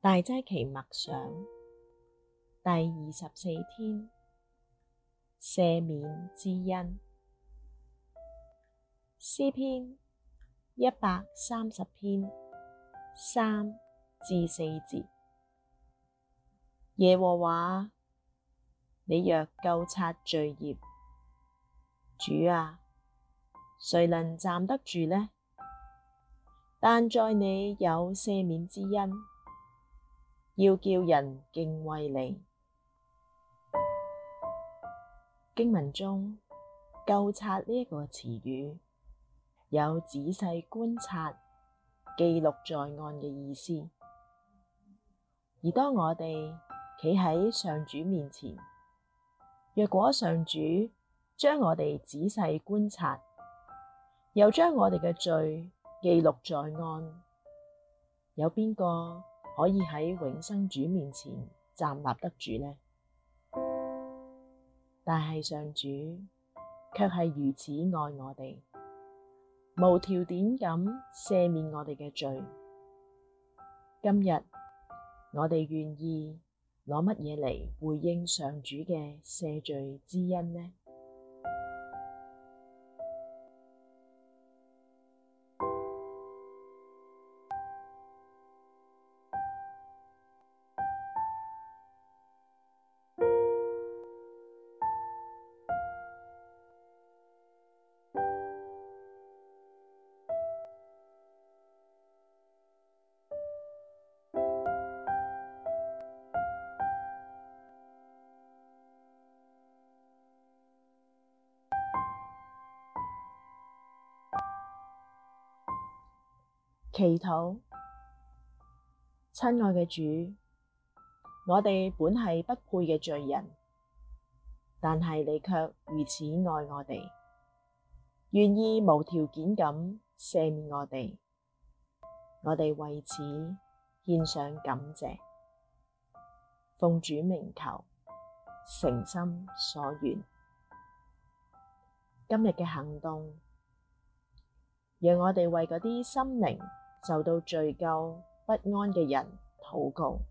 大齋期默想第二十四天，赦免之恩。詩篇一百三十篇三至四節：耶和華，你若究察罪孽，主啊，誰能站得住呢？但在你有赦免之恩。要叫人敬畏你。經文中“究察”呢一個詞語，有仔細觀察、記錄在案嘅意思。而當我哋企喺上主面前，若果上主將我哋仔細觀察，又將我哋嘅罪記錄在案，有邊個？可以喺永生主面前站立得住呢？但係上主卻係如此愛我哋，無條件咁赦免我哋嘅罪。今日，我哋願意攞乜嘢嚟回應上主嘅赦罪之恩呢？祈禱，親愛嘅主，我哋本係不配嘅罪人，但係你卻如此愛我哋，願意無條件咁赦免我哋，我哋為此獻上感謝。奉主名求，誠心所願。今日嘅行動，讓我哋為嗰啲心靈。受到罪疚不安嘅人禱告。恨恨